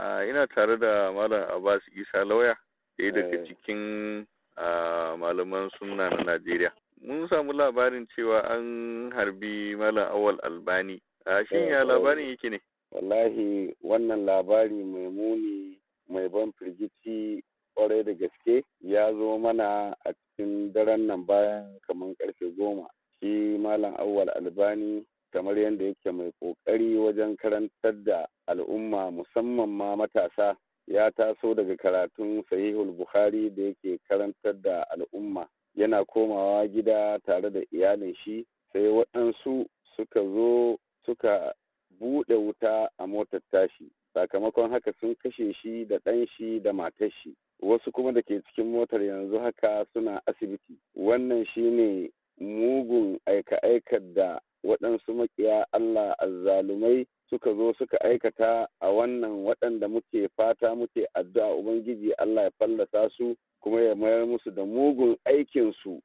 ina tare da malam abbas isa lauya ɗaya daga eh. cikin malaman suna na najeriya mun samu labarin cewa an harbi malam awal albani shin eh, ya eh. labarin yake ne wallahi wannan labari mai muni mai ban firgici kwarai da gaske ya zo mana a cikin daren nan bayan kamar karfe goma shi malam awal albani kamar yadda yake mai ƙoƙari wajen karantar da al'umma musamman ma matasa ya taso daga karatun sahihul Buhari da yake karantar da al'umma yana komawa gida tare da iyalin shi sai waɗansu suka zo suka buɗe wuta a motar tashi sakamakon haka sun kashe shi da ɗan shi da matar shi wasu kuma da ke cikin motar yanzu haka suna asibiti wannan shine mugun aika-aikar da waɗansu Makiya Allah azzalumai suka zo suka aikata a wannan waɗanda muke fata muke addu'a Ubangiji Allah ya fallasa su kuma ya mayar musu da mugun aikinsu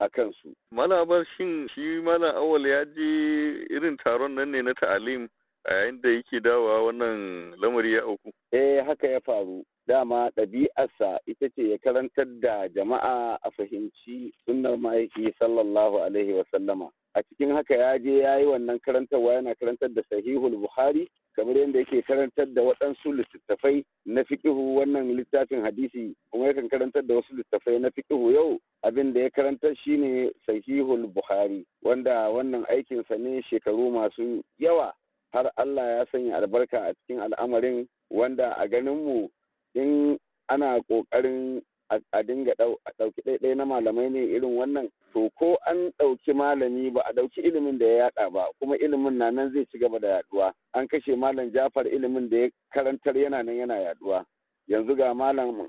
a kansu. Malabar shin shi Malam Awal ya je irin taron nan ne na ta'alim a yayin da yake dawa wannan lamari ya auku. Eh haka ya faru. Dama ɗabi'arsa ita ce ya karantar da jama'a a fahimci sunnar ma'aiki sallallahu alaihi wasallama. a cikin haka ya je ya yi wannan karantarwa yana karantar da sahihul buhari kamar yadda yake karantar da waɗansu littattafai na fiƙihu wannan littafin hadisi kuma yakan karantar da wasu littattafai na fiƙihu yau abin da ya karantar shine sahihul buhari wanda wannan aikinsa ne shekaru masu yawa har Allah ya sanya albarka a cikin al'amarin wanda a ganin mu in ana ƙoƙarin a dinga ɗauki ɗaiɗai na malamai ne irin wannan to ko an ɗauki malami ba a ɗauki ilimin da ya yaɗa ba kuma ilimin na nan zai ci gaba da yaɗuwa an kashe malam jafar ilimin da ya karantar yana nan yana yaɗuwa yanzu ga malam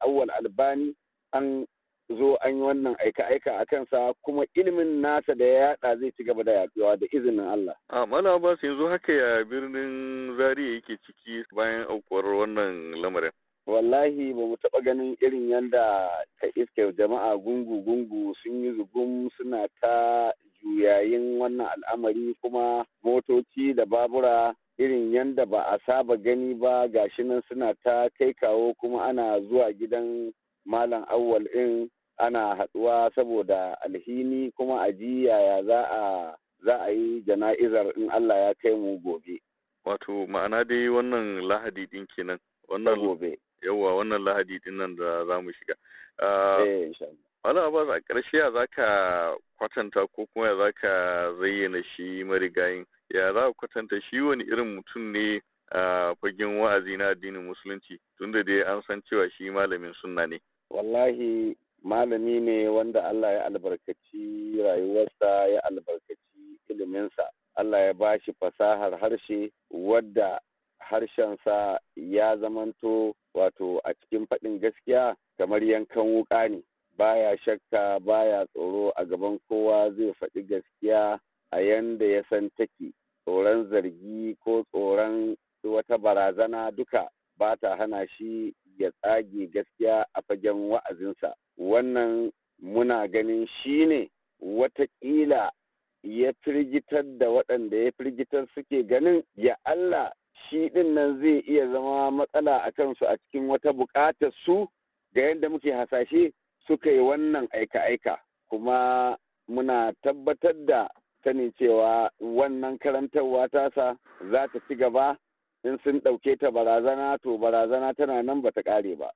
awwal albani an zo an yi wannan aika-aika a kansa kuma ilimin nasa da ya yaɗa zai ci gaba da yaɗuwa, da izinin Allah. A mana ba yanzu haka ya birnin Zariya yake ciki bayan aukuwar wannan lamarin. wallahi ba mu taɓa ganin irin yadda ka iske jama'a gungu-gungu sun yi zugun suna ta juyayin wannan al'amari kuma motoci da babura irin yadda ba a saba gani ba gashi nan suna ta kai kawo kuma ana zuwa gidan malam awwal in ana haɗuwa saboda alhini kuma a ji yaya za a za a yi jana'izar in Allah ya kai mu gobe. Wato ma'ana dai wannan lahadi ɗin kenan. Wannan gobe. yawa wannan lahadi din nan da za mu shiga ah, eh, Wani ba a ƙarshe ya za ka kwatanta ko kuma ya za ka zayyana shi marigayin ya za ka kwatanta shi wani irin mutum ne a fagen wa'azi na addinin musulunci tunda dai an san cewa shi malamin sunna ne wallahi malami ne wanda Allah ya albarkaci rayuwarsa ya albarkaci iliminsa Allah ya ba shi fasahar harshe wadda harshensa ya zamanto wato a cikin faɗin gaskiya kamar yankan wuƙa ne baya shakka baya tsoro a gaban kowa zai faɗi gaskiya a yanda ya san take tsoron zargi ko tsoron wata barazana duka ba ta hana shi ya tsage gaskiya a fagen wa'azinsa wannan muna ganin shi ne watakila ya firgitar da waɗanda ya firgitar suke ganin ya Allah shi ɗinnan nan zai iya zama matsala a kansu a cikin wata buƙatar su ga yadda muke hasashe suka yi wannan aika-aika kuma muna tabbatar da sanin cewa wannan karantarwa tasa za ta ci gaba in sun ɗauke ta barazana to barazana tana nan ba ta ƙare ba.